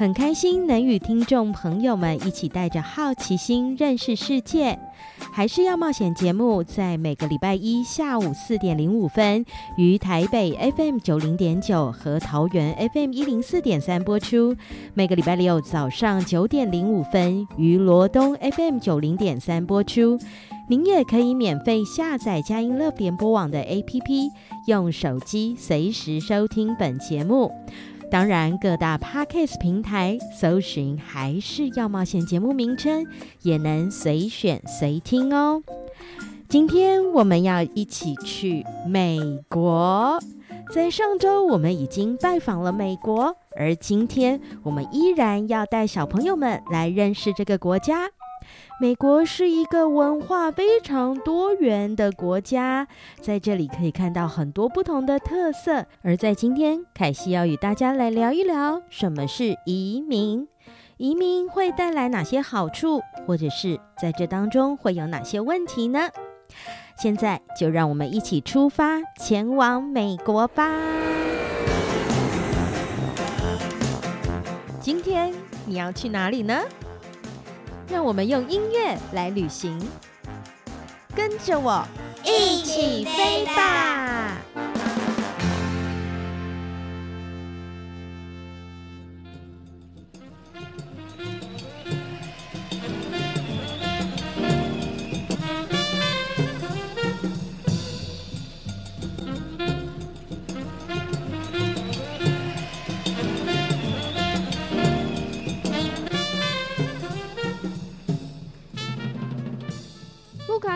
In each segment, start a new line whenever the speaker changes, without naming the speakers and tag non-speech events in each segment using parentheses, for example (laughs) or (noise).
很開心能與聽眾朋友們一起帶着好奇心認識世界，孩是要冒險節目，在每個禮拜一下午四點零五分於台北 FM 九零點九和桃園 FM 一零四點三播出；每個禮拜六早上九點零五分於羅東 FM 九零點三播出。您也可以免費下載佳音樂聯播網的 APP，用手機隨時收聽本節目。當然，各大 p a c k a g t 平台搜尋還是要冒險節目名稱，也能隨選隨聽哦。今天我們要一起去美國，在上周我們已經拜訪了美國，而今天我們依然要帶小朋友們來認識這個國家。美國是一個文化非常多元的國家，在這裡可以看到很多不同的特色。而在今天，凱西要與大家來聊一聊什麼是移民，移民會帶來哪些好處，或者是在這當中會有哪些問題呢？現在就讓我們一起出發前往美國吧！今天你要去哪裡呢？讓我們用音樂來旅行，跟着我一起飛吧。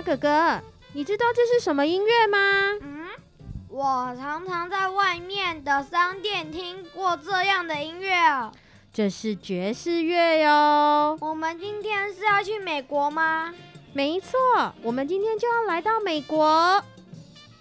哥哥，你知道這是什麼音樂嗎？嗯，
我常常在外面的商店聽過這樣的音樂。
這是爵士樂喲。
我們今天是要去美國嗎？沒錯，
我們今天就要來到美國。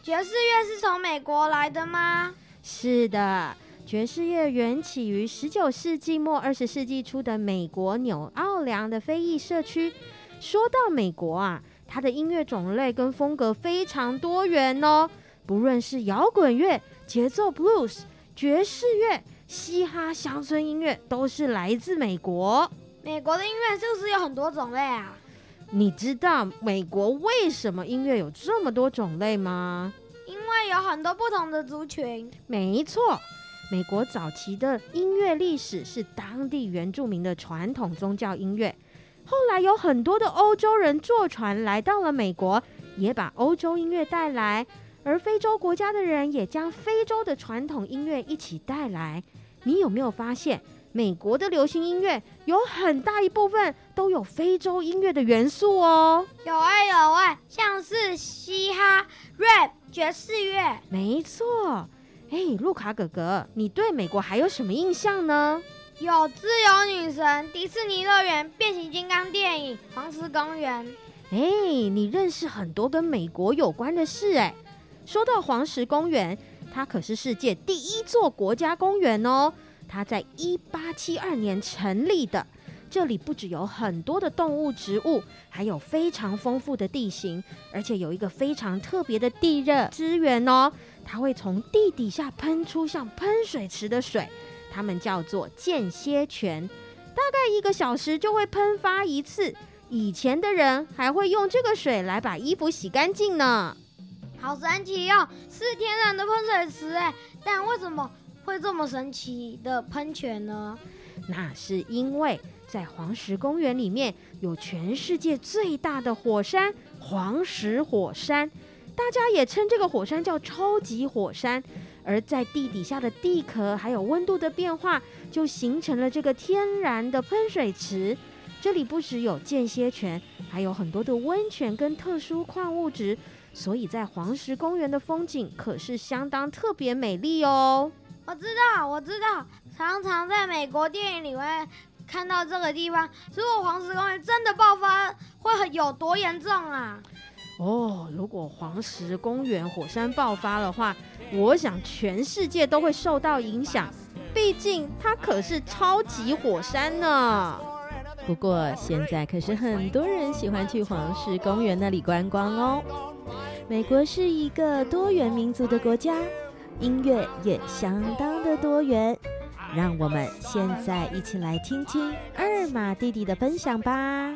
爵士樂是從美
國來的嗎？是的，爵士樂源起於十九世紀末二十世紀初的美國紐奧良的非裔社區。說到美國啊。它的音樂種類跟風格非常多元哦，不論是搖滾樂、節奏布魯斯、爵士樂、嘻哈、鄉村音樂，都是來自美國。
美國的音樂是不是有很多種類啊？
你知道美國為什麼音樂有這麼多種類嗎？
因為有很多不
同的族群。沒錯，美國早期的音樂歷史是當地原住民的傳統宗教音樂。後來有很多的歐洲人坐船來到了美國，也把歐洲音樂帶來；而非洲國家的人也將非洲的傳統音樂一起帶來。你有沒有發現，美國的流行音樂有很大一部分都有非洲音樂的元素哦？
有哎有哎，像是嘻哈、rap、爵士樂。
沒錯，哎，路卡哥哥，你對美國還有什麼印象呢？
有自由女神、迪士尼樂園、變形金剛電影、黃石公園。
哎、欸，你認識很多跟美國有關的事哎、欸。說到黃石公園，它可是世界第一座國家公園哦、喔。它在一八七二年成立的，這裡不只有很多的動物、植物，還有非常豐富的地形，而且有一個非常特別的地熱資源哦、喔。它會從地底下噴出像噴水池的水。他們叫做間歇泉，大概一個小時就會噴發一次。以前的人還會用這個水來把衣服洗乾淨呢。
好神奇喲、哦，是天然的噴水池哎，但為什麼會這麼神奇的噴泉呢？
那是因為在黃石公園裡面有全世界最大的火山——黃石火山，大家也稱這個火山叫超級火山。而在地底下的地殼還有溫度的變化，就形成了這個天然的噴水池。這裡不時有間歇泉，還有很多的溫泉跟特殊礦物質，所以在黃石公園的風景可是相當特別美麗哦。
我知道，我知道，常常在美國電影裡面看到這個地方。如果黃石公園真的爆發，會有多嚴重啊？
哦，如果黃石公園火山爆發的話，我想全世界都會受到影響，畢竟它可是超級火山呢。不過現在可是很多人喜歡去黃石公園那裡觀光哦。美國是一個多元民族的國家，音樂也相當的多元。讓我們現在一起來聽聽二馬弟弟的分享吧。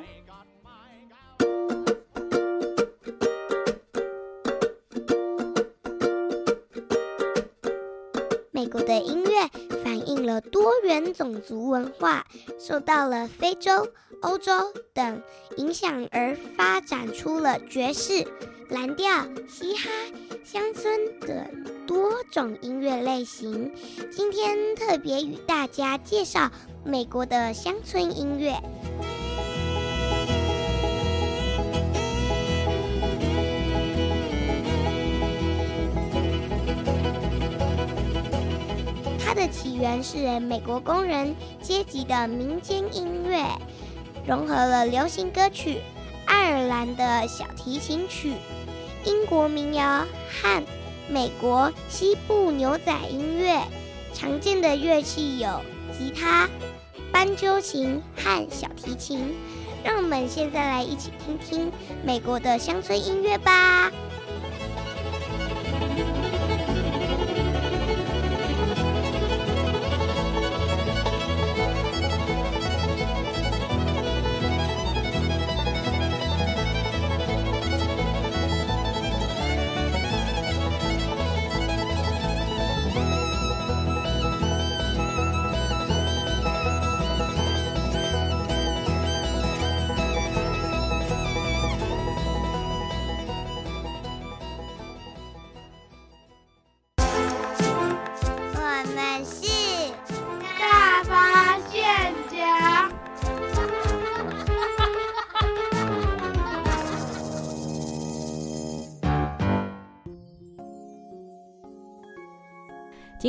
的音樂反映了多元種族文化，受到了非洲、歐洲等影響而發展出了爵士、藍調、嘻哈、鄉村等多種音樂類型。今天特別與大家介紹美國的鄉村音樂。的起源是美國工人階級的民間音樂，融合了流行歌曲、愛爾蘭的小提琴曲、英國民謠和美國西部牛仔音樂。常見的樂器有吉他、斑鳩琴和小提琴。讓我們現在來一起聽聽美國的鄉村音樂吧。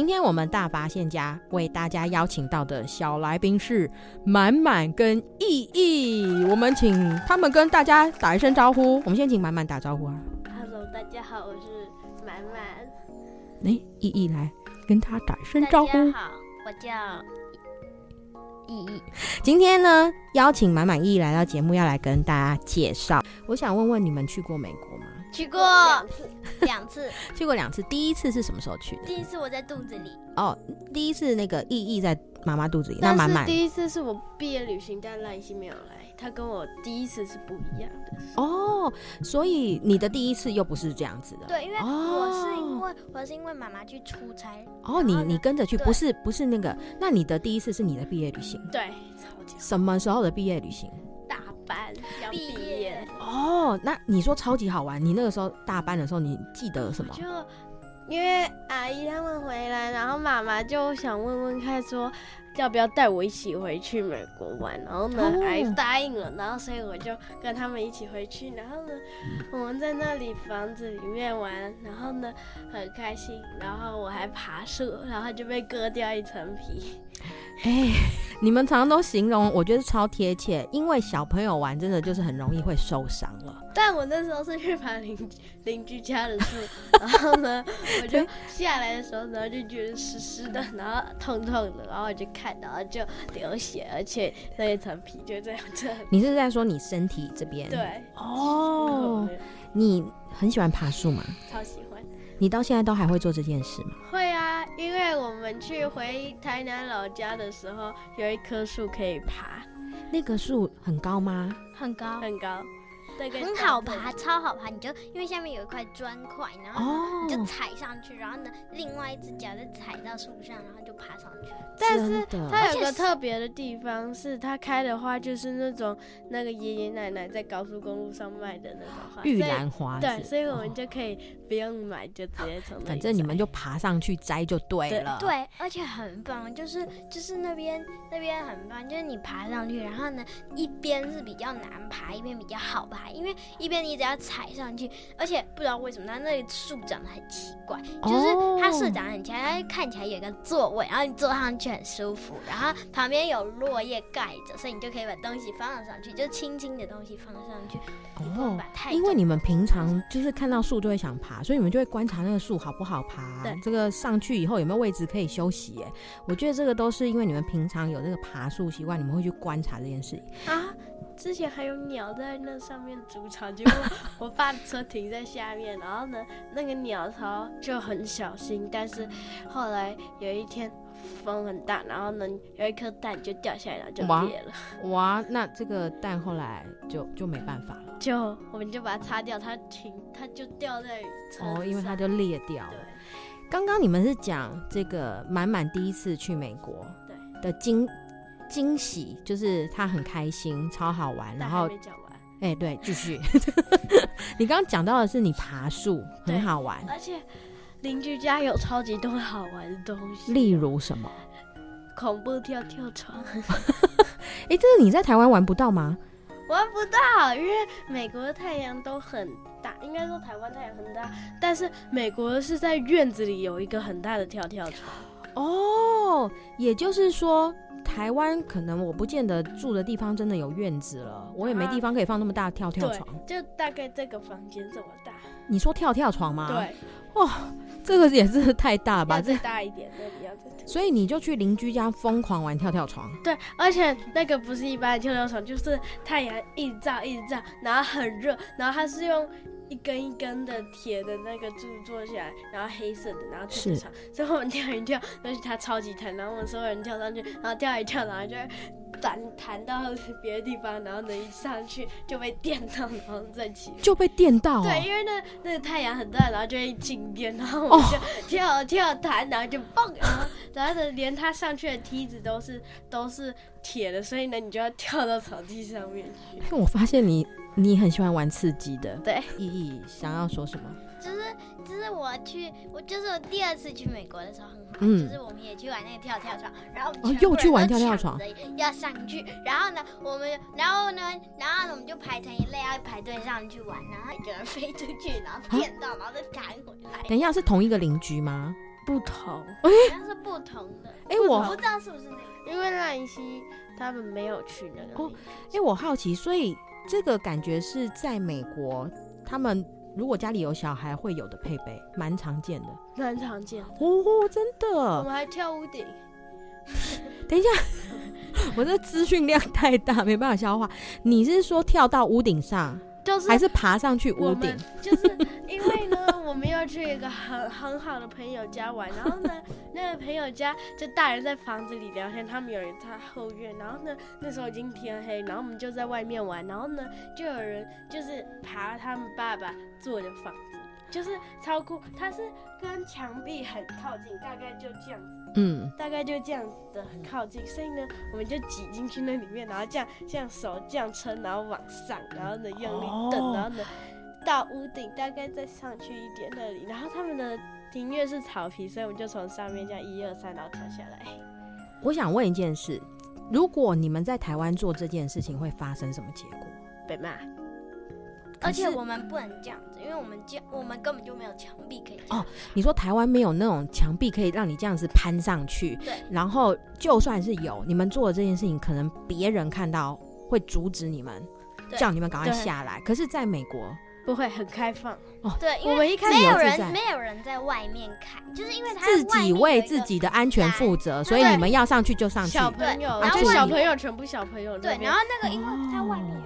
今天我們大發現家為大家邀請到的小來賓是滿滿跟溢溢，我們請他們跟大家打一聲招呼。我們先請滿滿打招呼啊！Hello，大
家好，我是滿滿。
哎、欸，溢溢來跟他打一聲招呼。大
家好，我叫溢溢。
今天呢，邀請滿滿溢溢來到節目，要來跟大家介紹。我想問問你們去過美國嗎？
去過兩次，
去過兩次。第一次是什麼時候去的？第一
次我在肚子裡
哦，第一次那個溢溢在媽媽肚子裡。那滿滿第一
次是我畢業旅行，但賴西沒有來，她跟我第一次是不一
樣的。哦，所以你的第一次又不是這樣子的。對，
因為我是因為我是因為媽媽去出差。
哦，你你跟着去，不是不是那個。那你的第一次是你的畢業旅行。
對，
什麼時候的畢業旅行？大
班畢業。
哦，oh, 那你說超級好玩，你那個時候大班的時候，你記得什麼？
就因為阿姨他們回來，然後媽媽就想問問看，說要不要帶我一起回去美國玩？然後呢，阿姨、oh. 答應了，然後所以我就跟他們一起回去。然後呢，嗯、我們在那裡房子裡面玩，然後呢很開心，然後我還爬樹，然後就被割掉一層皮。
哎、欸，你們常常都形容，我覺得超貼切，因為小朋友玩真的就是很容易會受傷了。
但我那時候是去爬鄰鄰居家的樹， (laughs) 然後呢，我就下來的時候，然後就覺得濕濕的，然後痛痛的，然後我就看到就流血，而且那一層皮就這樣子。
你是在說你身體這邊？對
哦，oh,
對。你很喜歡爬樹嗎？超喜歡。你到現在都還會做這件事嗎？
會啊，因為我們去回台南老家的時候，有一棵樹可以爬。
那個樹很高嗎？
很高，很高。很好爬，超好爬。你就因為下面有一塊磚塊，然後你就踩上去，然後呢，另外一隻腳就踩到樹上，然後就爬上去。真的。但是它有個特別的地方，是它開的花就是那種那個爺爺奶奶在高速公路上賣的那種花。玉蘭花。對，所以我們就可以不用買，就直接從、哦、反正你
們就爬上去摘就對了。對，
對，而且很棒，就是就是那邊那邊很棒，就是你爬上去，然後呢，一邊是比較難爬，一邊比較好爬。因為一邊你只要踩上去，而且不知道為什麼，它那裡樹長得很奇怪，就是它是長得很奇怪，它看起來有個座位，然後你坐上去很舒服，然後旁邊有落葉蓋着，所以你就可以把東西放上去，就輕輕的東西放上去，哦、你
不把
太。因為你們平常就是看到樹就會想爬，所以你們就會觀察那個樹好不好爬，對這個上去以後有沒有位置可以休息。哎，我覺得這個都是因為你們平常有這個爬樹習慣，你們會去觀察這件事情啊。
之前還有鳥在那上面築巢，結果我，我爸的車停在下面， (laughs) 然後呢，那個鳥巢就很小心，但是後來有一天風很大，然後呢有一顆蛋就掉下來了，就裂
了哇。哇，那這個蛋後來就就沒辦法了，
就我們就把它擦掉，它停它就掉在車上哦，因為
它就裂掉了。剛剛對你們是講這個滿滿第一次去美國對的經。驚喜就是他很開心，超好玩。然後沒講完。哎、欸，對，繼續。 (laughs) 你剛剛講到的是你爬樹對很好玩，而
且鄰居家有超級多好玩的東西。例如什麼？恐怖跳跳床。哎
(laughs) 欸，這是、個、你在台灣玩不到嗎？
玩不到，因為美國的太陽都很大，應該說台灣太陽很大，但是美國是在院子裡有一個很大的跳跳床。哦，也就是說。台灣可
能我不見得住的地方真的有院子了，我也沒地方可以放那麼大跳跳床。
啊、就大概這個房間這麼大。
你說跳跳床嗎？對，哇、哦，這個也是太大吧？再大一點，
這要再比較。
所以你就去鄰居家瘋狂玩跳跳床。
對，而且那個不是一般的跳跳床，就是太陽一直照一直照，然後很熱，然後它是用。一根一根的鐵的那個柱做起來，然後黑色的，然後特別長。最後是我們跳一跳，但是它超級疼。然後我們所有人跳上去，然後跳一跳，然後就彈彈到別的地方，然後呢一上去就被電到，然後再起。就被電到、哦。對，因為那那個、太陽很大，然後就會一靜電，然後我們就跳、oh. 跳彈，然後就蹦，然後然後連他上去的梯子都是都是。鐵的，所以呢，你就要跳到草地上
面去。那、欸、我發現你，你很喜歡玩刺激的。對，溢溢想要說什麼？
就是就是我去，我就是我第二次去美國的時候很，很好、嗯、就是我們也去玩那個跳跳床，然後我們去又去玩跳跳床，要上去，然後呢，我們然後呢，然後呢我們就排成一列，要排隊上去玩，然後一個人飛出去，然後顛倒，啊、然後再
彈回來。等一下，是同一個鄰居嗎？不同，哎、欸，好
像是不同的，哎、欸，我不，同不知道是不是樣。那。因為賴雲熙他們沒有去那個那、哦。
因、欸、哎，我好奇，所以這個感覺是在美國，他們如果家裡有小孩會有的配備，蠻常見的。
蠻常見
的哦，哦，真的。我們
還跳屋頂。 (laughs)
等一下， (laughs) 我這資訊量太大，沒辦法消化。你是說跳到屋頂上？還是爬上去屋頂，就
是因為呢，我們要去一個很很好的朋友家玩，然後呢，那個朋友家就大人在房子裡聊天，他們有人在後院，然後呢，那時候已經天黑，然後我們就在外面玩，然後呢，就有人就是爬他們爸爸做的房子，就是超酷，他是跟牆壁很靠近，大概就這樣子。嗯，大概就這樣子的靠近，所以呢，我們就擠進去那裡面，然後這樣這樣手這樣撐，然後往上，然後呢用力蹬，哦，然後呢到屋頂，大概再上去一點那裡，然後他們的庭院是草皮，所以我們就從上面這樣一二三，然後跳下來。
我想問一件事，如果你們在台灣做這件事情，會發生什麼結果？
被罵。而且我們不能這樣子，因為我們牆，我們根本就沒有牆壁可以。
哦，你說台灣沒有那種牆壁可以讓你這樣子攀上去，對。然後就算是有，你們做的這件事情，可能別人看到會阻止你們，
叫你們趕快下來。
可是，在美國
不會很開放哦，對，我們一開始沒有人，沒有人在外面看，就是因為他自己為
自己的安全負責，所以你們要上去就上去。小朋
友，就小朋友，全部小朋友。對，然後那個，因為他外面。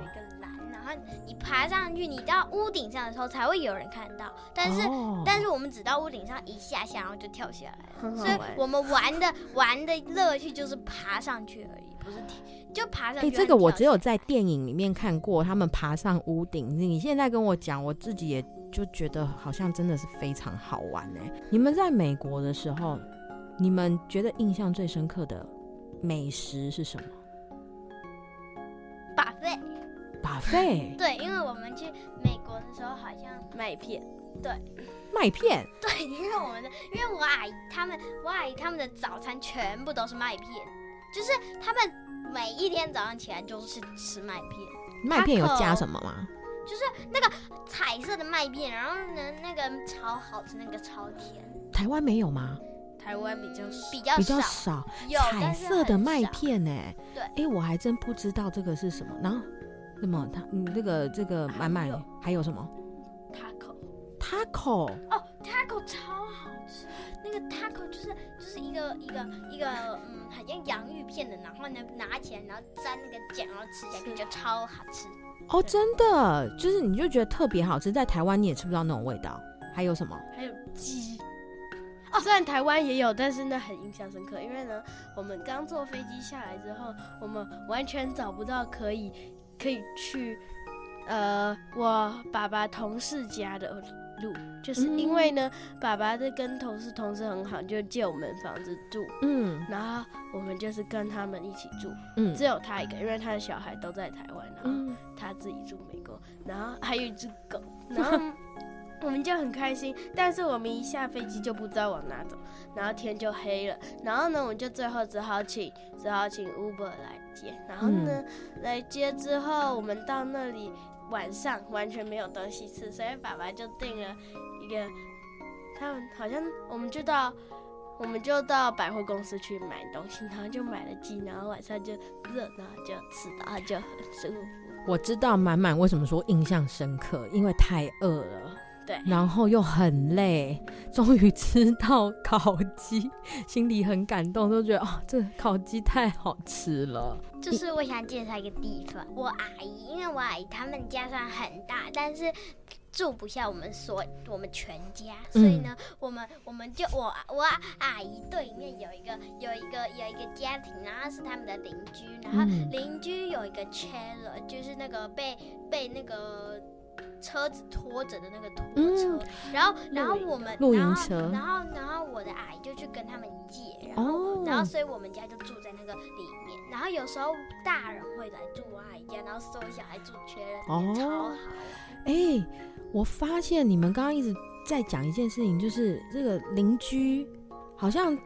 然後你爬上去，你到屋頂上的時候才會有人看到。但是、oh. 但是我們只到屋頂上一下下，然後就跳下來了。很好玩。所以我們玩的玩的樂趣就是爬上去而已，不是就爬上去。欸、這個我只
有在電影裡面看過，他們爬上屋頂。你現在跟我講，我自己也就覺得好像真的是非常好玩哎、欸。你們在美國的時候，你們覺得印象最深刻的美食是什麼？
巴菲。
把費？Buff
對，因為我們去美國的時候，好像麥片。對，
麥片。
對，因為我們的，因為我阿姨他們，我阿姨他們的早餐全部都是麥片，就是他們每一天早上起來就是吃麥片。麥片有加什麼嗎？就是那個彩色的麥片，然後呢，那個超好吃，那個超甜。
台灣沒有
嗎？
台灣比較比較比較少有彩色的麥片呢、欸。對。哎、
欸，我還真不知道這個是什麼。呢、嗯什麼？他嗯，那個這個滿滿還,還有什麼？Taco，Taco 哦
，Taco 超好吃。那個 Taco 就是就是一個一個一個嗯，好像洋芋片的，然後呢拿起來，然後沾那個醬，然後吃起來就超好吃。
哦，oh，真的，就是你就覺得特別好吃，在台灣你也吃不到那種味道。還有什麼？
還有雞哦，oh, 雖然台灣也有，但是那很印象深刻，因為呢，我們剛坐飛機下來之後，我們完全找不到可以。可以去，呃，我爸爸同事家的路，就是因為呢，爸爸的跟同事同事很好，就借我們房子住，嗯，然後我們就是跟他們一起住，嗯，只有他一個，因為他的小孩都在台灣，然後他自己住美國，然後還有一隻狗，然後我們就很開心，但是我們一下飛機就不知道往哪走，然後天就黑了，然後呢，我們就最後只好請，只好請 Uber 來。然後呢，嗯、來接之後，我們到那裡晚上完全沒有東西吃，所以爸爸就訂了一個，他們好像，我們就到我們就到百貨公司去買東西，然後就買了雞，然後晚上就熱，然後就吃，然後就很舒服。
我知道滿滿為什麼說印象深刻，因為太餓了。對然後又很累，終於吃到烤雞，心裡很感動，都覺得哦，這烤雞太好吃了。
就是我想介紹一個地方，我阿姨，因為我阿姨他們家雖然很大，但是住不下我們所我們全家，所以呢，我們、嗯、我們就我我阿姨對面有一個有一個有一個家庭，然後是他們的鄰居，然後鄰居有一個 child 就是那個被被那個。車子拖着的那個拖車，嗯、然後然後我們露營車，然後然後，然後我的阿姨就去跟他們借，然後、哦、然後所以我們家就住在那個裡面，然後有時候大人會來住我阿姨家，然後收小孩住，覺得、哦、超
好。哎、欸，
我發現你們剛剛一直在講一件事情，就是這個鄰居，好像。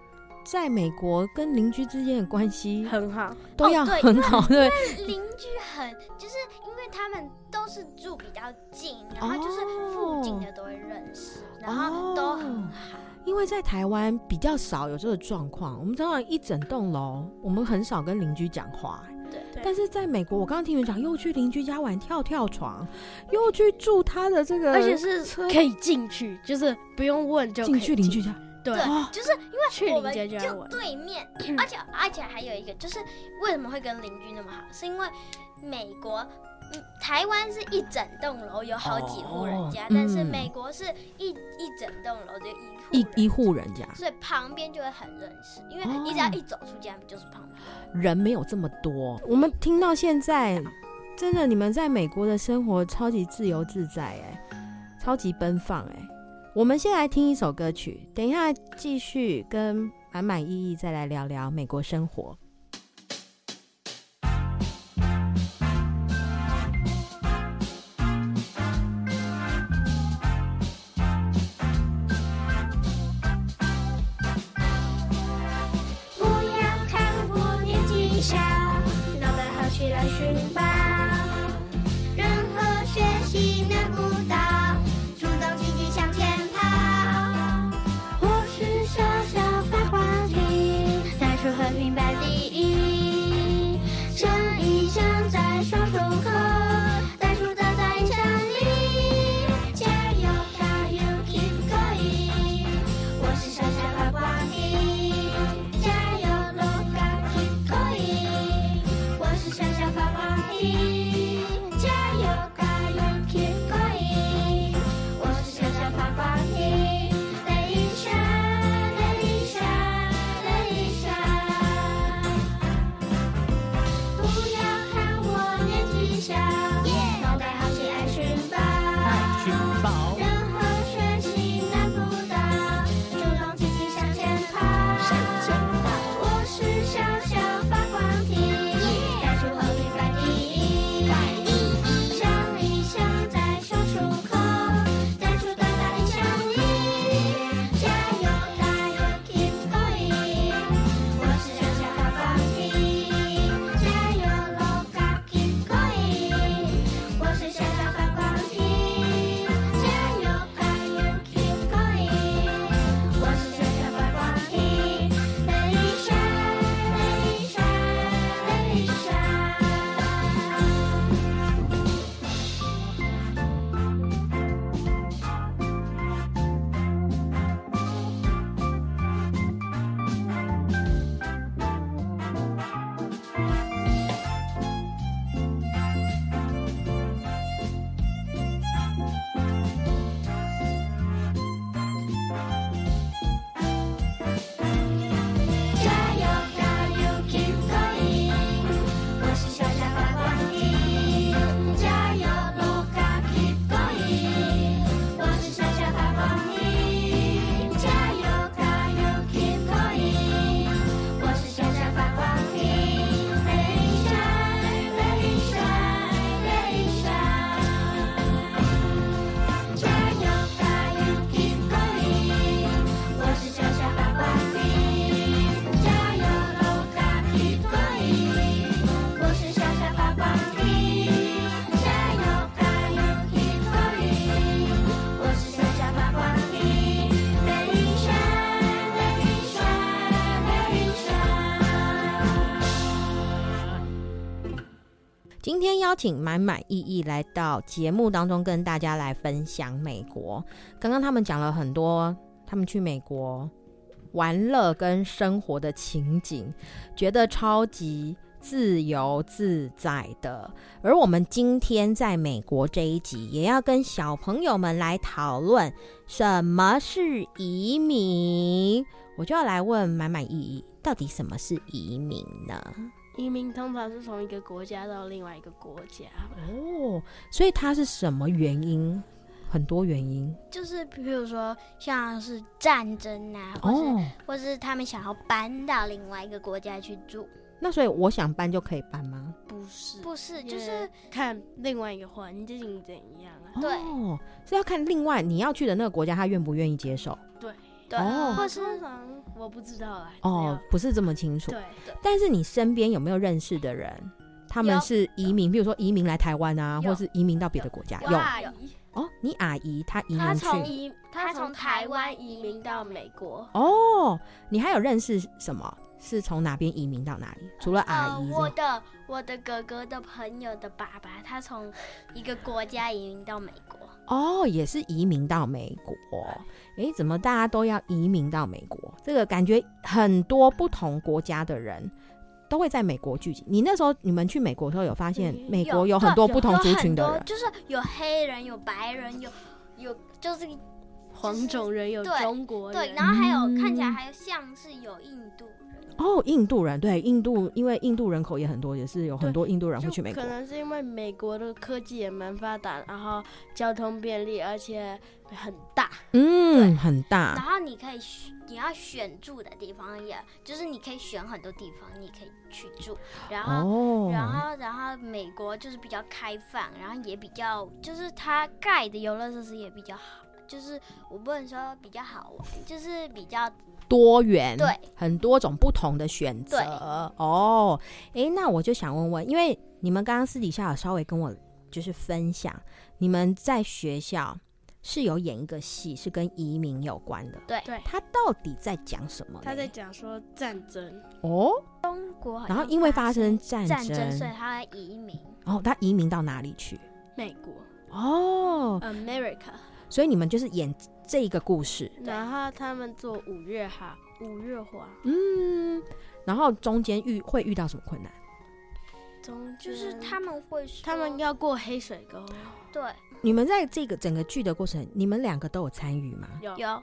在美國，跟鄰居之間的關係很好，都要很好。哦、對，
鄰 (laughs) 居很，就是因為他們都是住比較近，然後就是附近的都會認識，然後
都很好。哦哦、因為在台灣比較少有這個狀況，我們往往一整棟樓，我們很少跟鄰居講話對
對，但是
在美國，我剛剛聽人講，又去鄰居家玩跳跳床，又去住他
的這個，而且是可以進去，就是不用問就可以進去鄰居家。對，哦、就是因為我們就對面，而且而且還有一個就是為什麼會跟鄰居那麼好，是因為美國，台灣是一整棟樓有好幾戶人家，哦嗯、但是美國是一一整棟樓就一戶
一戶人家，人家所
以旁邊就會很認識，因為你只要一走出家門、哦、就是旁邊
人沒有這麼多。我們聽到現在真的，你們在美國的生活超級自由自在哎、欸，超級奔放哎、欸。我們先來聽一首歌曲，等一下繼續跟滿滿溢溢再來聊聊美國生活。請滿滿溢溢來到節目當中，跟大家來分享美國。剛剛他們講了很多，他們去美國玩樂跟生活的情景，覺得超級自由自在的。而我們今天在美國這一集，也要跟小朋友們來討論什麼是移民。我就要來問滿滿溢溢，到底什麼是移民呢？
移民，通常是從一個國家到另外一個國家
哦，所以它是什麼原因？很多原因，
就是比如說像是戰爭啊，哦，或是或是他們想要搬到另外一個國家去住。
那所以我想搬就可以搬嗎？
不是，不是，因為就是看另外一個環境怎樣
啊。哦，對，是要看另外你要去的那個國家，他願不願意接受。
對。哦，或是我不知道啊。哦，
不是這麼清楚。對，但是你身邊有沒有認識的人，他們是移民，比如說移民來台灣啊，或是移民到別的國家？有。哦，你阿姨她移民去？她從，
她從台灣移民到美國。
哦，你還有認識什麼？是從哪邊移民到哪裡？除了阿姨，我
的我的哥哥的朋友的爸爸，他從一個國家移民到美國。
哦，也是移民到美國。哎、欸，怎麼大家都要移民到美國？這個感覺很多不同國家的人都會在美國聚集。你那時候你們去美國的時候有發現，美國有很多不同族群的人，嗯、就
是有黑人、有白人、有有就是黃種人、有中國人，對，然後還有看起來還有像是有印度。嗯。
哦，印度人對印度，因為印度人口也很多，也是有很多印度人會去美國。可能
是因為美國的科技也蠻發達，然後交通便利，而且很大，
嗯，對很大。然
後你可以選，你要選住的地方也，也就是你可以選很多地方，你可以去住。然後，哦、然後，然後美國就是比較開放，然後也比較，就是它蓋的遊樂設施也比較好，就是我不能說比較好玩，就是比較。 (laughs)
多元，對，很多種不同的選擇哦。哎對、oh, 欸，那我就想問問，因為你們剛剛私底下有稍微跟我就是分享，你們在學校是有演一個戲，是跟移民有關的。對，他到底在講什麼？他在
講說戰爭哦，oh? 中國，然後因為發生戰爭，戰爭所以他會移民。
哦。Oh, 他移民到哪裡去？美國哦、oh、
，America。
所以你們就是演。這個故事對，
然後他們坐五月花，五月花，嗯，
然後中間遇會遇到什麼困難？
中就間是他們會，他們要過黑水溝，嗯、對。
你們在這個整個劇的過程，你們兩個都有參與嗎？
有。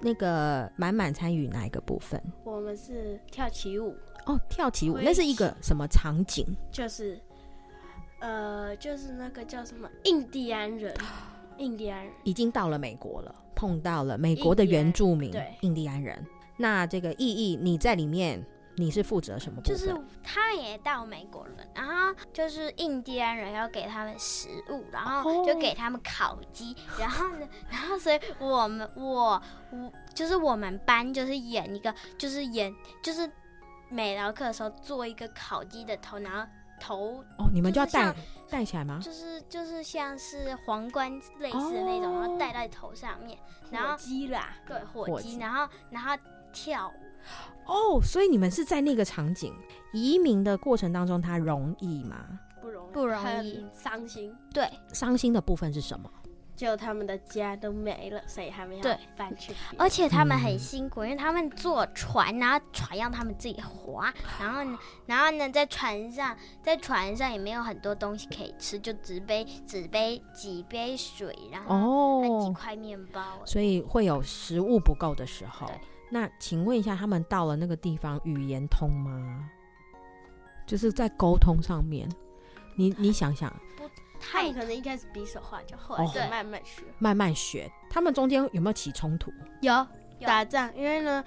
那個滿滿參與哪一個部分？
我們是跳起舞哦，跳起舞會那是一個什麼場景？就是，呃，就是那個叫什麼印第安人，印第安
人已經到了美國了。碰到了美國的原住民，印第安人。對那這個意義，你在裡面你是負責什麼？就是
他也到美國了，然後就是印第安人要給他們食物，然後就給他們烤雞，oh. 然後呢，然後所以我們我我就是我們班就是演一個就是演就是美勞課的時候做一個烤雞的頭，然後。頭哦，你們就要戴，
戴起來嗎？就是
就是像是皇冠類似的那種，哦、然後戴在頭上面。然後火雞啦，對，火雞，然後然後跳
舞。哦，所以你們是在那個場景，移民的過程當中，它容易嗎？
不容易，不容易，傷心。
對，傷心的部分是什麼？
就他們的家都沒了，所以他們要搬去。而且他們很辛苦，嗯、因為他們坐船，然後船讓他們自己划。然後呢， (laughs) 然後呢，在船上，在船上也沒有很多東西可以吃，就只背、只背幾杯水，然後幾塊麵包，哦。所
以會有食物不夠的時候。對那請問一下，他們到了那個地方，語言通嗎？就是在溝通上面，你你想想。
(laughs) 他們可能一開始比手畫腳就後
來、哦、對慢慢學，慢慢學。他們中間有沒有起衝突？
有，有打仗，因為呢，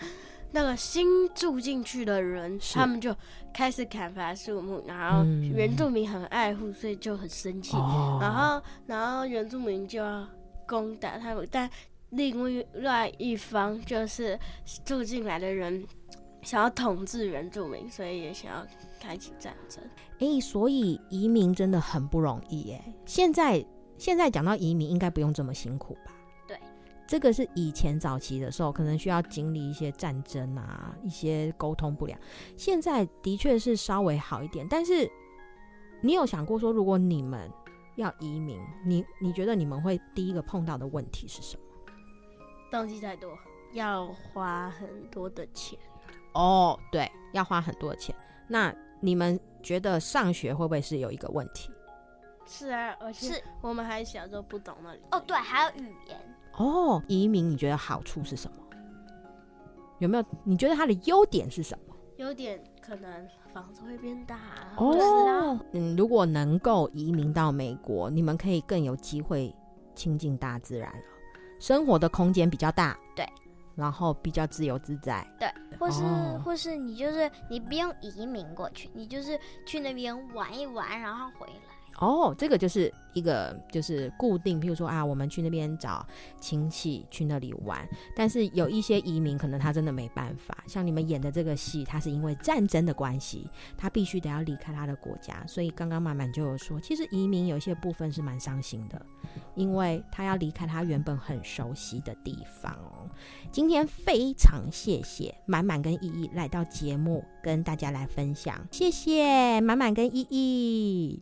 那個新住進去的人，是他們就開始砍伐樹木，然後原住民很愛護，嗯、所以就很生氣。哦、然後，然後原住民就要攻打他們，哦、但另外一,一方就是住進來的人，想要統治原住民，所以也想要開啟戰爭。誒、欸，
所以移民真的很不容易耶，欸。現在現在講到移民，應該不用這麼辛苦吧？對，這個是以前早期的時候，可能需要經歷一些戰爭啊，一些溝通不良。現在的確是稍微好一點，但是你有想過說，如果你們要移民，你你覺得你們會第一個碰到的問題是什麼？
東西太多，要花很多的錢。
哦，oh, 對，要花很多錢。那你們覺得上學會不會是有一個問題？
是啊，而且是我們還小時候不懂那裡的。哦，oh, 對，還有語言。哦
，oh, 移民，你覺得好處是什麼？有沒有？你覺得它的優點是什麼？
優點可能房子會變大，啊。哦，oh, 是啊。
嗯，如果能夠移民到美國，你們可以更有機會親近大自然。生活的空間比較大。然後比較自由自在，
對，或是，哦，或是你就是你不用移民過去，你就是去那邊玩
一玩，然後回來。
哦，這個就是一個就是固定，譬如說啊，我們去那邊找親戚，去那裡玩，但是有一些移民可能他真的沒辦法。像你們演的這個戲，他是因為戰爭的關係，他必須得要離開他的國家。所以剛剛滿滿就有說，其實移民有些部分是蠻傷心的，因為他要離開他原本很熟悉的地方哦。今天非常謝謝滿滿跟溢溢來到節目跟大家來分享，謝謝滿滿跟溢溢。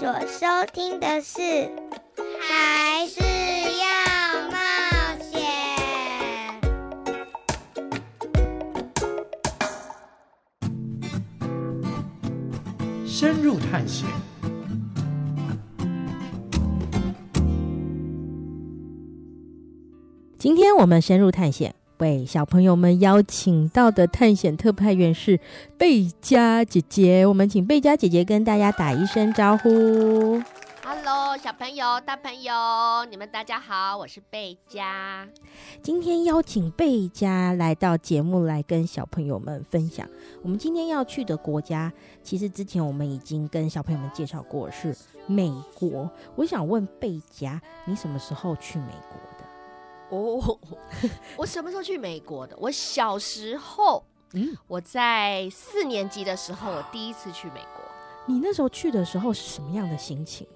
所收聽的是，孩是要冒險，
深入探險。
今天我們深入探險，為小朋友們邀請到的探險特派員是蓓加姐姐，我們請蓓加姐姐跟大家打一聲招呼。
Hello，小朋友、大朋友，你們大家好，我是蓓加。今
天邀請蓓加來到節目來跟小朋友們分享，我們今天要去的國家，其實之前我們已經跟小朋友們介紹過是美國。我想問蓓加，你什麼時候去美國？
Oh, (laughs) 我什麼時候去美國的？我小時候，嗯，我在四年級的時候，我第一次去美國。
你那時候去的時候是什麼樣的心情？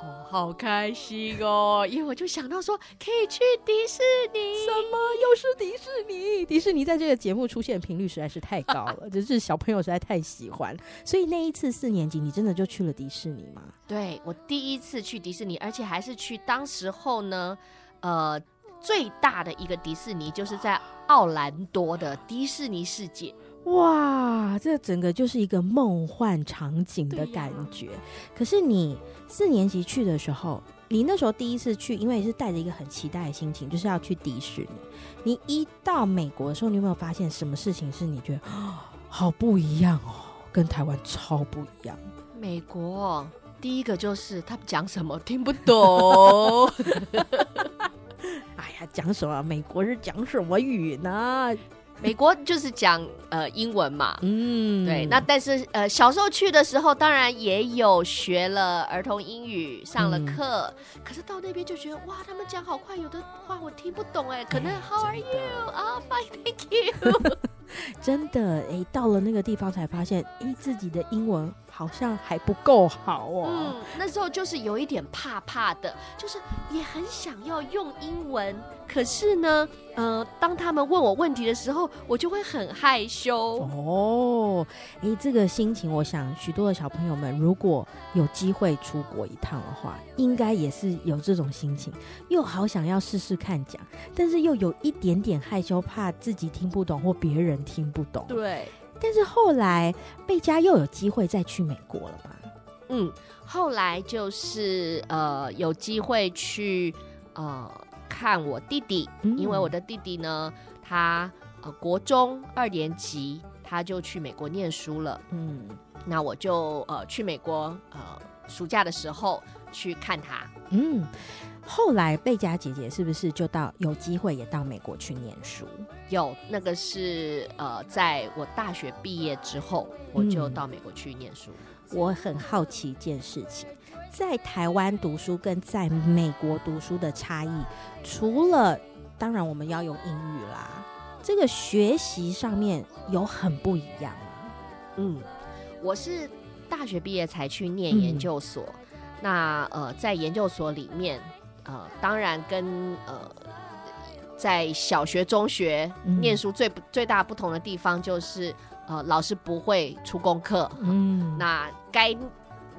哦
，oh, 好開心哦，喔，因為我就想到說可以去迪士尼。什麼？
又是迪士尼？迪士尼在這個節目出現頻率實在是太高了， (laughs) 就是小朋友實在太喜歡。所以那一次四年級，你真的就去了迪士尼嗎？
對，我第一次去迪士尼，而且還是去當時候呢，呃。最大的一個迪士尼就是在奧蘭多的迪士尼世界，哇，這整個
就是一個夢幻場景的感覺。啊、可是你四年級去的時候，你那時候第一次去，因為是帶着一個很期待的心情，就是要去迪士尼。你一到美國的時候，你有沒有發現什麼事情是你覺
得
好不一樣哦？跟台灣超不一樣。
美國第一個就是他講什麼聽不懂。 (laughs) (laughs) 哎呀，講什麼？美國是講什麼語呢？美國就是講呃英文嘛。嗯，對。那但是呃，小時候去的時候，當然也有學了兒童英語，上了課。嗯、可是到那邊就覺得哇，他們講好快，有的話我聽不懂哎。可能、欸、How are you？I'm 的、oh, fine, thank you。
(laughs) 真的哎、欸，到了那個地方才發現，哎，自己的英文。好像還不夠好哦、啊。嗯，
那時候就是有一點怕怕的，就是也很想要用英文，可是呢，呃，當他們問我問題的時候，我就會很害羞。哦，
哎、欸，這個心情，我想許多的小朋友們如果有機會出國一趟的話，應該也是有這種心情，又好想要試試看講，但是又有一點點害羞，怕自己聽不懂或別人聽不懂。對。但是後來蓓加又有機會再去美國了吧？
嗯，後來就是呃有機會去呃看我弟弟，嗯、因為我的弟弟呢，他呃國中二年級他就去美國念書了。嗯，那我就呃去美國呃暑假的時候。去看他，嗯，
後來蓓加姐姐是不是就到有機會也到美國去念書？
有那個是呃，在我大學畢業之後，嗯、我就到美國去念書。
我很好奇一件事情，嗯、在台灣讀書跟在美國讀書的差異，除了當然我們要用英語啦，這個學習上面有很不一樣嗎？嗯，
我是大學畢業才去念研究所。嗯那呃，在研究所裡面，呃，當然跟呃在小學、中學、嗯、念書最不最大不同的地方就是，呃，老師不會出功課。嗯，嗯那該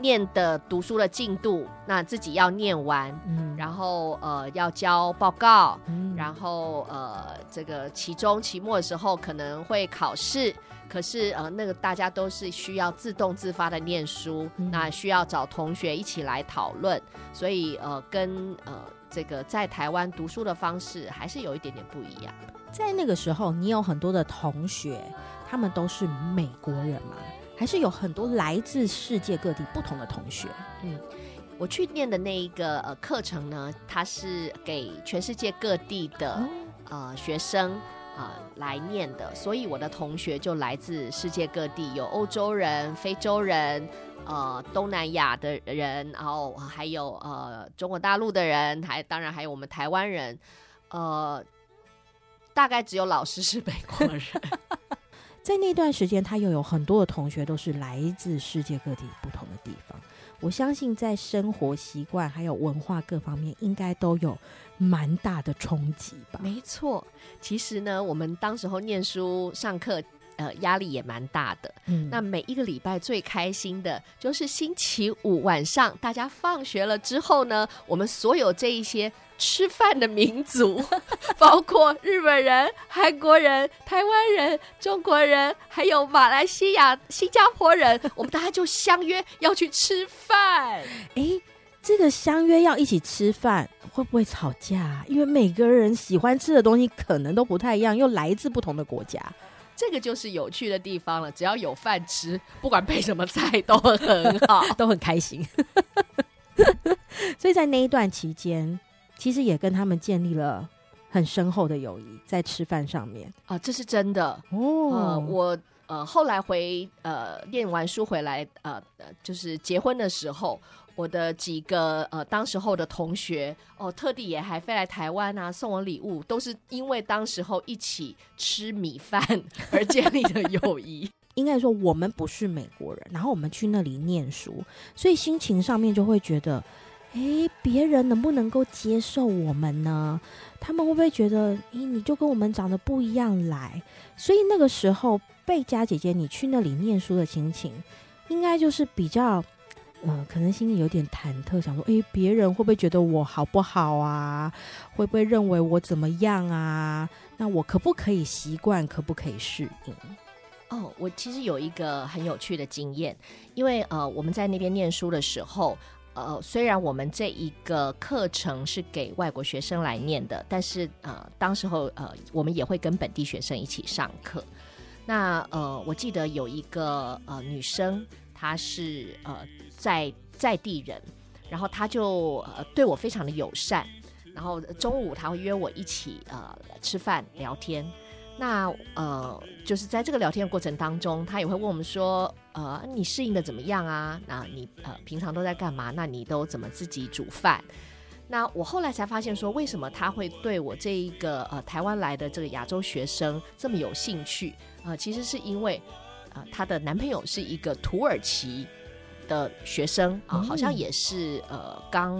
念的讀書的進度，那自己要念完。嗯，然後呃要交報告，嗯、然後呃這個期中、期末的時候可能會考試。可是呃，那個大家都是需要自動自發的念書，嗯、那需要找同學一起來討論，所以呃，跟呃這個在台灣讀書的方式還是有一點點不一樣。
在那個時候，你有很多的同學，他們都是美國人嗎？還是有很多來自世界各地不同的同學？嗯，
我去念的那一個呃課程呢，它是給全世界各地的、哦、呃學生。啊、呃，來念的，所以我的同學就來自世界各地，有歐洲人、非洲人，呃，東南亞的人，然後還有呃中國大陸的人，還當然還有我們台灣人，呃，大概只有老師是美國人。
(laughs) (laughs) 在那段時間，他又有很多的同學都是來自世界各地不同的。我相信在生活習慣還有文化各方面，應該都有蠻大的衝擊吧。沒
錯，其實呢，我們當時候念書上課，呃，壓力也蠻大的。嗯，那每一個禮拜最開心的就是星期五晚上，大家放學了之後呢，我們所有這一些。吃飯的民族，包括日本人、韓國人、台灣人、中國人，還有馬來西亞、新加坡人，我們大家就相約要去吃飯。欸，這個
相約要一起吃飯會不會吵架？因為每個人喜歡吃的東西可能都不太一樣，又來自不同的國家，
這個就是有趣的地方了。只要有飯吃，不管配什麼菜都很好， (laughs) 都很開心。
(laughs) 所以在那一段期間。其實也跟他們建立了很深厚的友誼，在吃飯上面
啊、呃，這是真的哦。呃我呃後來回呃念完書回來呃，呃就是結婚的時候，我的幾個呃當時候的同學哦、呃，特地也還飛來台灣啊，送我禮物，都是因為當時候一起吃米飯而建立
的友誼。 (laughs) 應該說我們不是美國人，然後我們去那裡念書，所以心情上面就會覺得。誒，別人能不能夠接受我們呢？他們會不會覺得，咦，你就跟我們長得不一樣來？所以那個時候，蓓加姐姐，你去那裡念書的心情，應該就是比較，呃、嗯，可能心裡有點忐忑，想說，誒，別人會不會覺得我好不好啊？會不會認為我怎麼樣啊？那我可不可以習慣？可不可以適應？
哦，我其實有一個很有趣的經驗，因為呃，我們在那邊念書的時候。呃，雖然我們這一個課程是給外國學生來念的，但是呃，當時候呃，我們也會跟本地學生一起上課。那呃，我記得有一個呃女生，她是呃在在地人，然後她就呃對我非常的友善，然後中午她會約我一起呃吃飯聊天。那呃，就是在這個聊天的過程當中，她也會問我們說。呃，你適應的怎麼樣啊？那你呃平常都在幹嘛？那你都怎麼自己煮飯？那我後來才發現說，為什麼他會對我這一個呃台灣來的這個亞洲學生這麼有興趣？呃，其實是因為呃他的男朋友是一個土耳其的學生啊，呃嗯、好像也是呃剛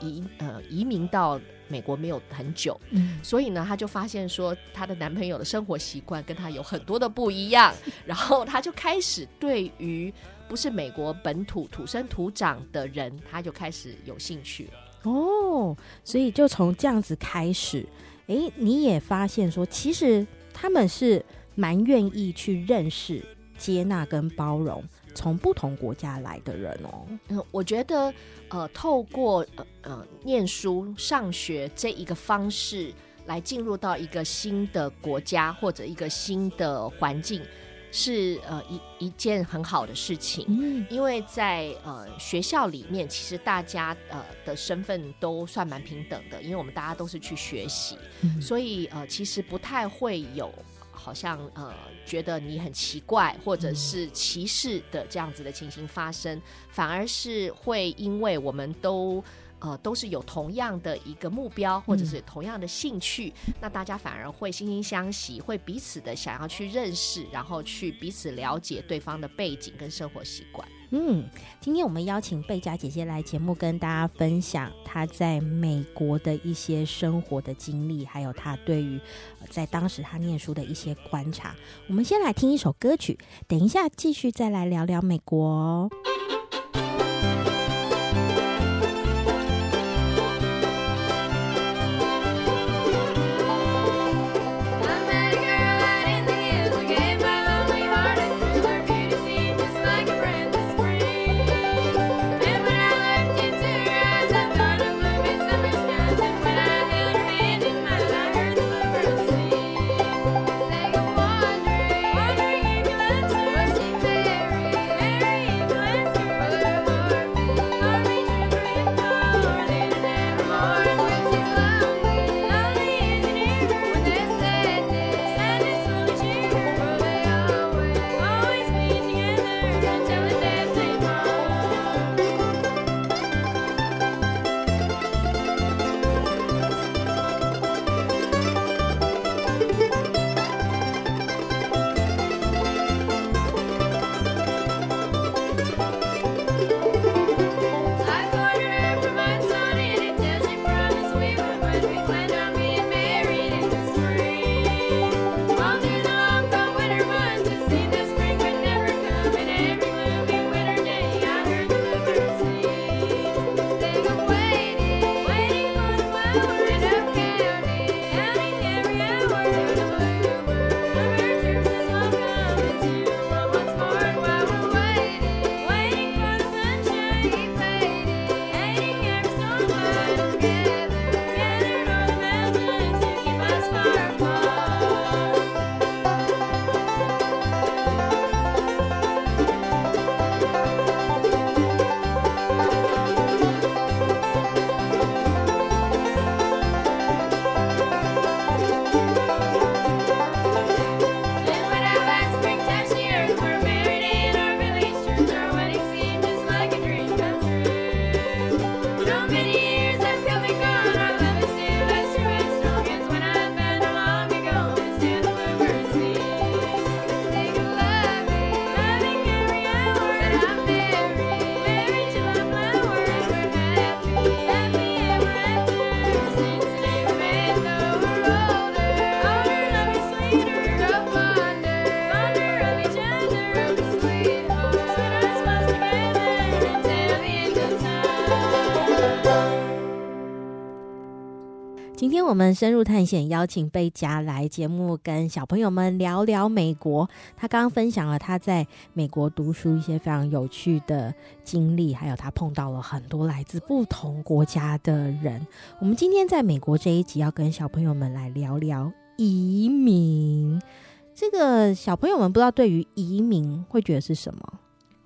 移呃移民到美國沒有很久，嗯，所以呢，她就發現說，她的男朋友的生活習慣跟她有很多的不一樣，然後她就開始對於不是美國本土土生土長的人，她就開始有興趣
哦，所以就從這樣子開始，誒，你也發現說，其實他們是蠻願意去認識、接納跟包
容。從不同國家來的人哦，嗯，我覺得，呃，透過呃呃念書上學這一個方式來進入到一個新的國家或者一個新的環境，是呃一一件很好的事情。嗯，因為在呃學校裡面，其實大家呃的身份都算蠻平等的，因為我們大家都是去學習，嗯，所以呃其實不太會有。好像呃，覺得你很奇怪，或者是歧視的這樣子的情形發生，嗯、反而是會因為我們都呃都是有同樣的一個目標，或者是同樣的興趣，嗯、那大家反而會惺惺相惜，會彼此的想要去認識，然後去彼此了解對方的背景跟生活習慣。
嗯，今天我們邀請蓓加姐姐來節目，跟大家分享她在美國的一些生活的經歷，還有她對於在當時她念書的一些觀察。我們先來聽一首歌曲，等一下繼續再來聊聊美國哦。我們深入探險，邀請蓓加來節目，跟小朋友們聊聊美國。他剛剛分享了他在美國讀書一些非常有趣的經歷，還有他碰到了很多來自不同國家的人。我們今天在美國這一集要跟小朋友們來聊聊移民。這個小朋友們不知道對於移民會覺得是什麼？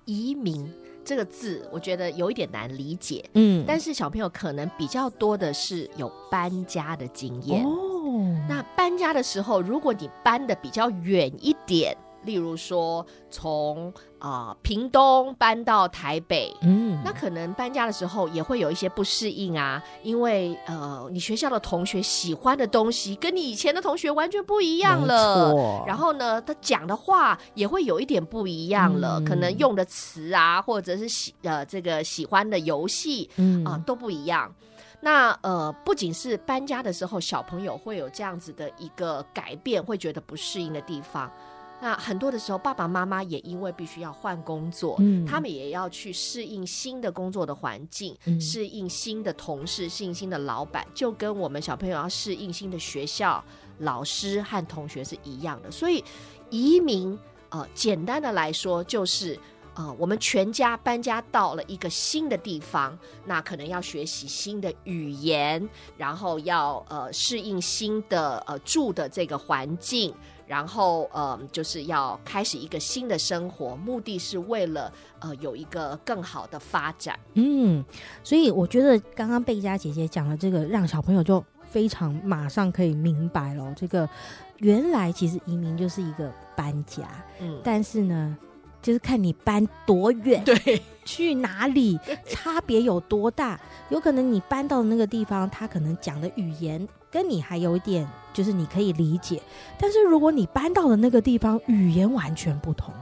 移民。這個字我覺得有一點難理解，嗯，但是小朋友可能比較多的是有搬家的經驗哦。那搬家的時候，如果你搬得比較遠一點。例如說從，從、呃、啊屏東搬到台北，嗯，那可能搬家的時候也會有一些不適應啊，因為呃，你學校的同學喜歡的東西跟你以前的同學完全不一樣了，沒錯。然後呢，他講的話也會有一點不一樣了，嗯、可能用的詞啊，或者是喜呃這個喜歡的遊戲啊、呃、都不一樣。嗯、那呃，不僅是搬家的時候，小朋友會有這樣子的一個改變，會覺得不適應的地方。那很多的時候，爸爸媽媽也因為必須要換工作，嗯、他們也要去適應新的工作的環境，嗯、適應新的同事、適應新的老闆，就跟我們小朋友要適應新的學校、老師和同學是一樣的。所以，移民呃，簡單的來說就是呃，我們全家搬家到了一個新的地方，那可能要學習新的語言，然後要呃適應新的呃住的這個環境。然後，嗯，就是要開始一個新的生活，目的是為了呃有一個更好的發展。
嗯，所以我覺得剛剛蓓加姐姐講的這個，讓小朋友就非常馬上可以明白了，這個原來其實移民就是一個搬家。嗯，但是呢，就是看你搬多遠，對，去哪裡，差別有多大，有可能你搬到那個地方，他可能講的語言。跟你還有一點，就是你可以理解，但是如果你搬到的那個地方語言完全不同，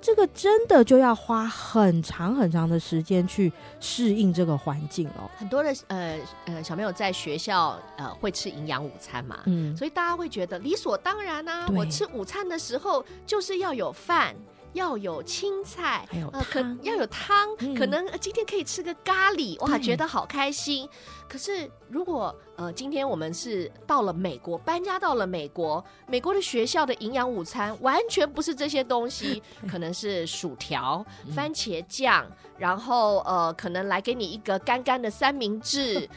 這個真的就要花很長很長的時間去適應這個環境哦。
很多的呃呃小朋友在學校呃會吃營養午餐嘛，嗯，所以大家會覺得理所當然啊，對我吃午餐的時候就是要有飯。要有青菜，還有、呃、可要有湯。嗯、可能今天可以吃個咖喱，嗯、哇，對覺得好開心。可是如果呃，今天我們是到了美國，搬家到了美國，美國的學校的營養午餐完全不是這些東西， (laughs) 可能是薯條、 (laughs) 番茄醬，然後呃，可能來給你一個乾乾的三明治，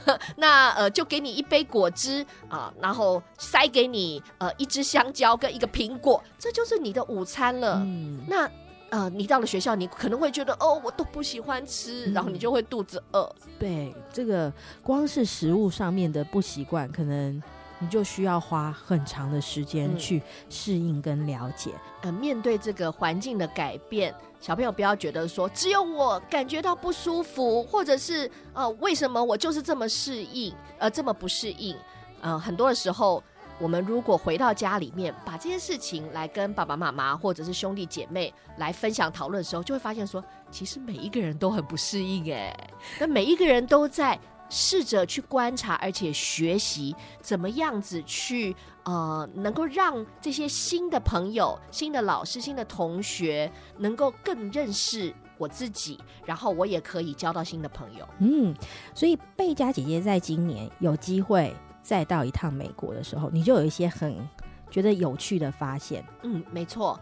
(laughs) (laughs) 那呃，就給你一杯果汁啊、呃，然後塞給你呃一隻香蕉跟一個蘋果， (laughs) 這就是你的午餐了。嗯嗯，那，呃，你到了學校，你可能會覺得，哦，我都不喜歡吃，然後你就會肚子餓。嗯，對，這個
光是食物上面的不習慣，可能你就需要花很長的時間去適應跟了解。
呃，面對這個環境的改變，小朋友不要覺得說只有我感覺到不舒服，或者是呃，為什麼我就是這麼適應，呃，這麼不適應？嗯，呃，很多的時候。我們如果回到家裡面，把這些事情來跟爸爸媽媽或者是兄弟姐妹來分享討論的時候，就會發現說，其實每一個人都很不適應誒， (laughs) 那每一個人都在試着去觀察，而且學習怎麼樣子去呃，能夠讓這些新的朋友、新的老師、新的同學能夠更認識我自己，然後我也可以交到新的朋友。嗯，所以
蓓加姐姐在今年有機會。再到一趟美國的時候，你就有一些很覺得有趣的發現。
嗯，沒錯。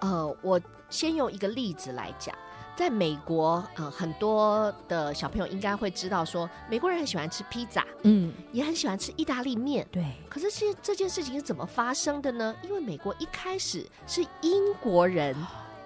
呃，我先用一個例子來講，在美國，呃，很多的小朋友應該會知道說，說美國人很喜歡吃披薩，嗯，也很喜歡吃意大利麵。對。可是這這件事情是怎麼發生的呢？因為美國一開始是英國人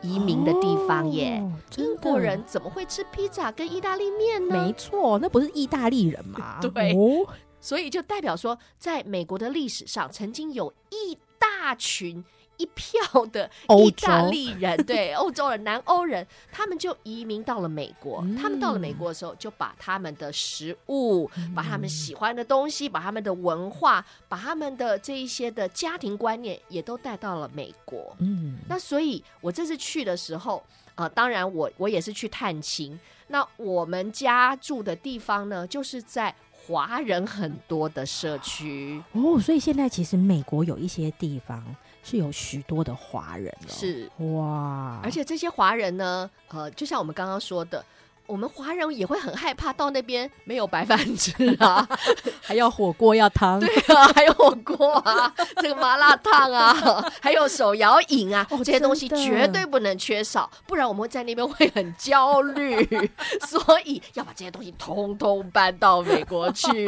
移民的地方耶，哦、英國人怎麼會吃披薩跟意大利麵呢？沒錯，那不是意大利人嗎？ (laughs) 對。哦所以就代表說，在美國的歷史上，曾經有一大群一票的意大利人，歐洲 (laughs) 對歐洲人、南歐人，他們就移民到了美國。嗯、他們到了美國的時候，就把他們的食物、嗯、把他們喜歡的東西、把他們的文化、把他們的這一些的家庭觀念，也都帶到了美國。嗯，那所以，我這次去的時候，啊、呃，當然我我也是去探親。那我們家住的地方呢，就是在。華人很多的社區
哦，所以現在其實美國有一些地方是有許多的華人喔，是哇，而
且這些華人呢，呃，就像我們剛剛說的。我們華人也會很害怕到那邊沒有白飯吃啊， (laughs) 還要火鍋要湯。 (laughs) 對啊，還有火鍋啊，這個麻辣燙啊，還有手搖飲啊，哦、這些東西絕對不能缺少，真的。不然我們會在那邊會很焦慮。 (laughs) 所以要把這些東西統統搬到美國去。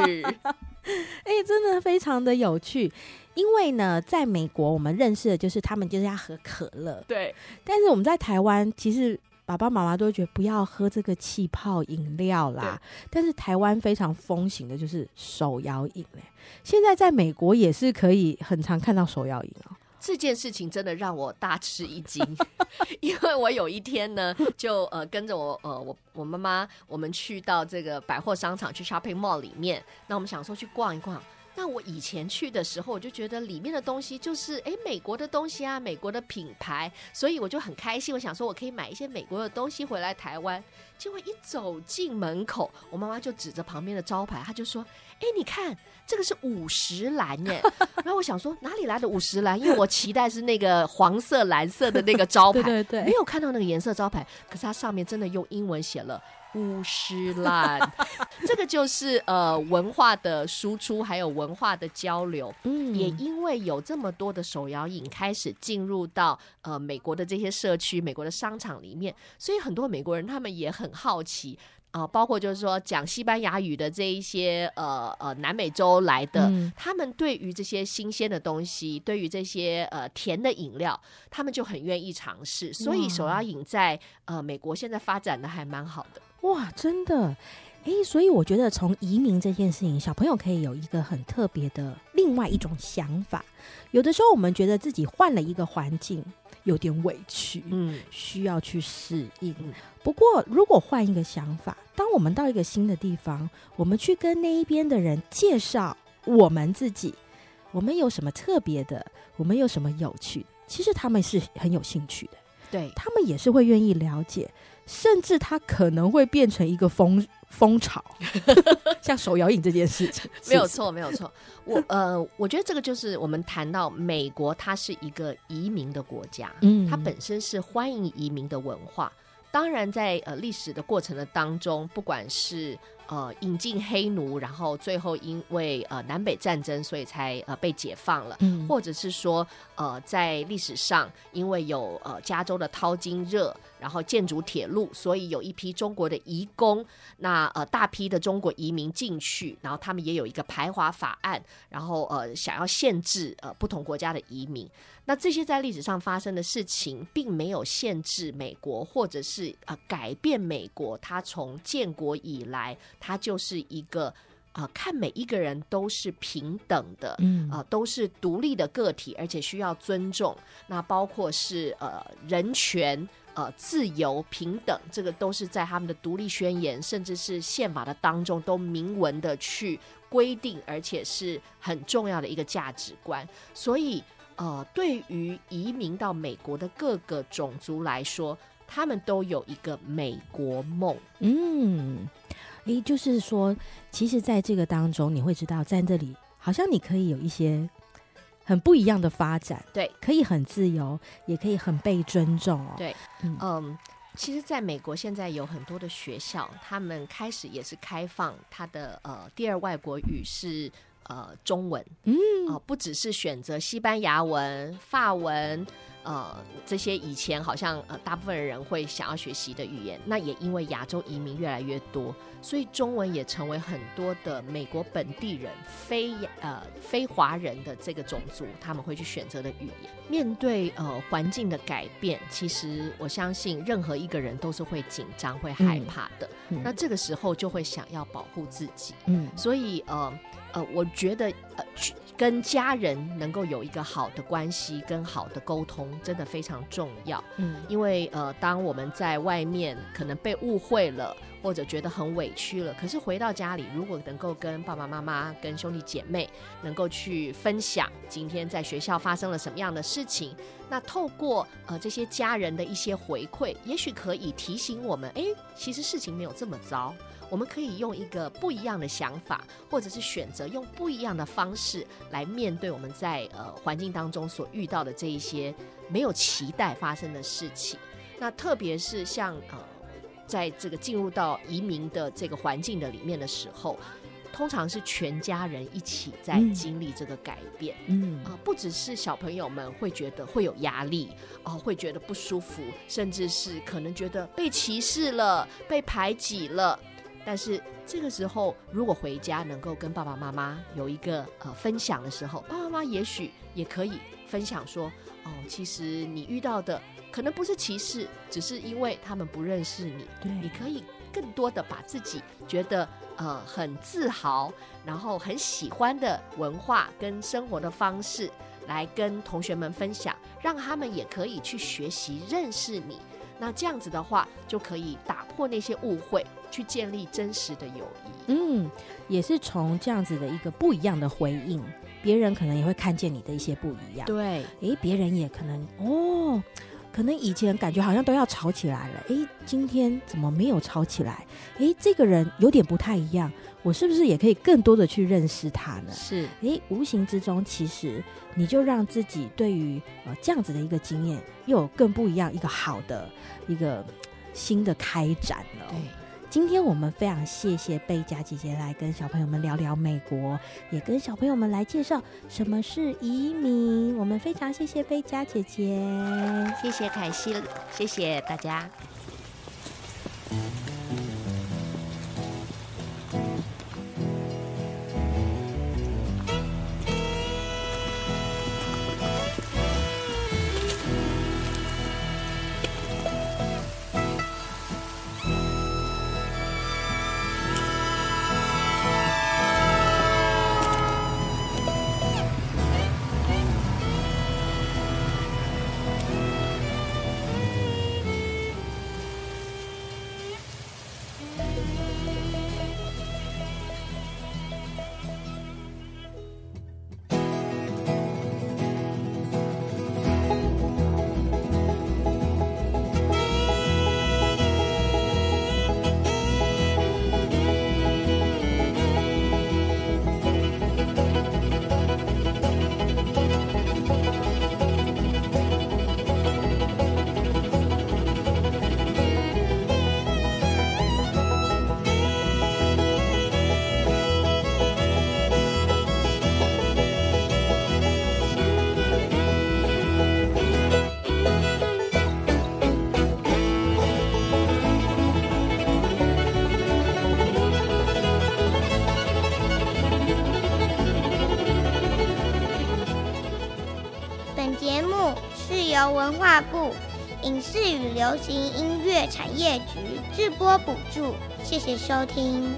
哎、欸，真的非常
的有趣，因為呢，在美國我們認識的就是他們就是要喝可樂。對，但是我們在台灣其實。爸爸媽媽都會覺得不要喝這個氣泡飲料啦，對但是台灣非常風行的就是手搖飲，欸，現在在美國也是可以很常看到手搖飲啊，哦，
這件事情真的讓我大吃一驚， (laughs) 因為我有一天呢，就呃跟着我呃我我媽媽，我們去到這個百貨商場去 shopping mall 裡面，那我們想說去逛一逛。那我以前去的時候，我就覺得裡面的東西就是誒，美國的東西啊，美國的品牌，所以我就很開心，我想說我可以買一些美國的東西回來台灣。結果一走進門口，我媽媽就指着旁邊的招牌，她就說：“哎，你看這個是五十嵐耶。” (laughs) 然後我想說哪裡來的五十嵐？因為我期待是那個黃色藍色的那個招牌， (laughs) 對對，對，沒有看到那個顏色招牌，可是它上面真的用英文寫了。巫師啦， (laughs) 這個就是呃文化的輸出，還有文化的交流。嗯，也因為有這麼多的手搖飲開始進入到呃美國的這些社區、美國的商場裡面，所以很多美國人他們也很好奇。啊、呃，包括就是說講西班牙語的這一些呃呃南美洲來的，嗯、他們對於這些新鮮的東西，對於這些呃甜的飲料，他們就很願意嘗試。所以首要引，手搖飲在呃美國現在發展的還蠻好的。
哇，真的，誒、欸。所以我覺得從移民這件事情，小朋友可以有一個很特別的另外一種想法。有的時候，我們覺得自己換了一個環境。有點委屈，嗯，需要去適應。嗯，不過，如果換一個想法，當我們到一個新的地方，我們去跟那一邊的人介紹我們自己，我們有什麼特別的，我們有什麼有趣的，其實他們是很有興趣的，對他們也是會願意了解，甚至他可能會變成一個風。風潮， (laughs) 像手搖影這件事情， (laughs) 是沒有錯，
沒有錯。我呃，我覺得這個就是我們談到美國，它是一個移民的國家，嗯，它本身是歡迎移民的文化。當然在，在呃歷史的過程的當中，不管是呃引進黑奴，然後最後因為呃南北戰爭，所以才呃被解放了，嗯，或者是說呃在歷史上因為有呃加州的淘金熱。然後建築鐵路，所以有一批中國的移工，那呃大批的中國移民進去，然後他們也有一個排華法案，然後呃想要限制呃不同國家的移民。那這些在歷史上發生的事情，並沒有限制美國，或者是呃改變美國。它從建國以來，它就是一個啊、呃，看每一個人都是平等的，嗯、呃、啊，都是獨立的個體，而且需要尊重。那包括是呃人權。呃，自由平等，這個都是在他們的獨立宣言，甚至是憲法的當中都明文的去規定，而且是很重要的一個價值觀。所以，呃，對於移民到美國的各個種族來說，他們都有一個美國夢。嗯，也就是說，其實，
在這個當中，你會知道，在這裡好像你可以有一些。很不一樣的發展，對，可以很自由，也可以很被尊重哦。對，
嗯，嗯，其實，在美國現在有很多的學校，他們開始也是開放他的呃第二外國語是呃中文，嗯、呃，不只是選擇西班牙文、法文。呃，這些以前好像呃，大部分人會想要學習的語言，那也因為亞洲移民越來越多，所以中文也成為很多的美國本地人非呃非華人的這個種族他們會去選擇的語言。面對呃環境的改變，其實我相信任何一個人都是會緊張、會害怕的。嗯嗯、那這個時候就會想要保護自己。嗯，所以呃呃，我覺得呃。跟家人能夠有一個好的關係，跟好的溝通，真的非常重要。嗯，因為呃，當我們在外面可能被誤會了，或者覺得很委屈了，可是回到家裡，如果能夠跟爸爸媽媽、跟兄弟姐妹能夠去分享今天在學校發生了什麼樣的事情，那透過呃這些家人的一些回饋，也許可以提醒我們，欸，其實事情沒有這麼糟。我們可以用一個不一樣的想法，或者是選擇用不一樣的方式來面對我們在呃環境當中所遇到的這一些沒有期待發生的事情。那特別是像呃在這個進入到移民的這個環境的裡面的時候，通常是全家人一起在經歷這個改變。嗯啊、呃，不只是小朋友們會覺得會有壓力，哦、呃，會覺得不舒服，甚至是可能覺得被歧視了、被排擠了。但是這個時候，如果回家能夠跟爸爸媽媽有一個呃分享的時候，爸爸媽媽也許也可以分享說，哦，其實你遇到的可能不是歧視，只是因為他們不認識你。對，對，你可以更多的把自己覺得呃很自豪，然後很喜歡的文化跟生活的方式，來跟同學們分享，讓他們也可以去學習認識你。那這樣子的話，就可以打破那些誤會，去建立真實的友誼。嗯，也
是從這樣子的一個不一樣的回應，別人可能也會看見你的一些不一樣。對，誒，別人也可能哦，可能以前感覺好像都要吵起來了，哎，今天怎麼沒有吵起來？哎，這個人有點不太一樣。我是不是也可以更多的去認識他呢？是，誒，無形之中，其實你就讓自己對於呃這樣子的一個經驗，又有更不一樣一個好的一個新的開展了哦。對今天我們非常謝謝蓓加姐姐來跟小朋友們聊聊美國，也跟小朋友們來介紹什麼是移民。我們非常謝謝蓓加姐姐，
謝謝凱西，謝謝大家。嗯
由文化部影視與流行音樂產業局製播補助，謝謝收聽。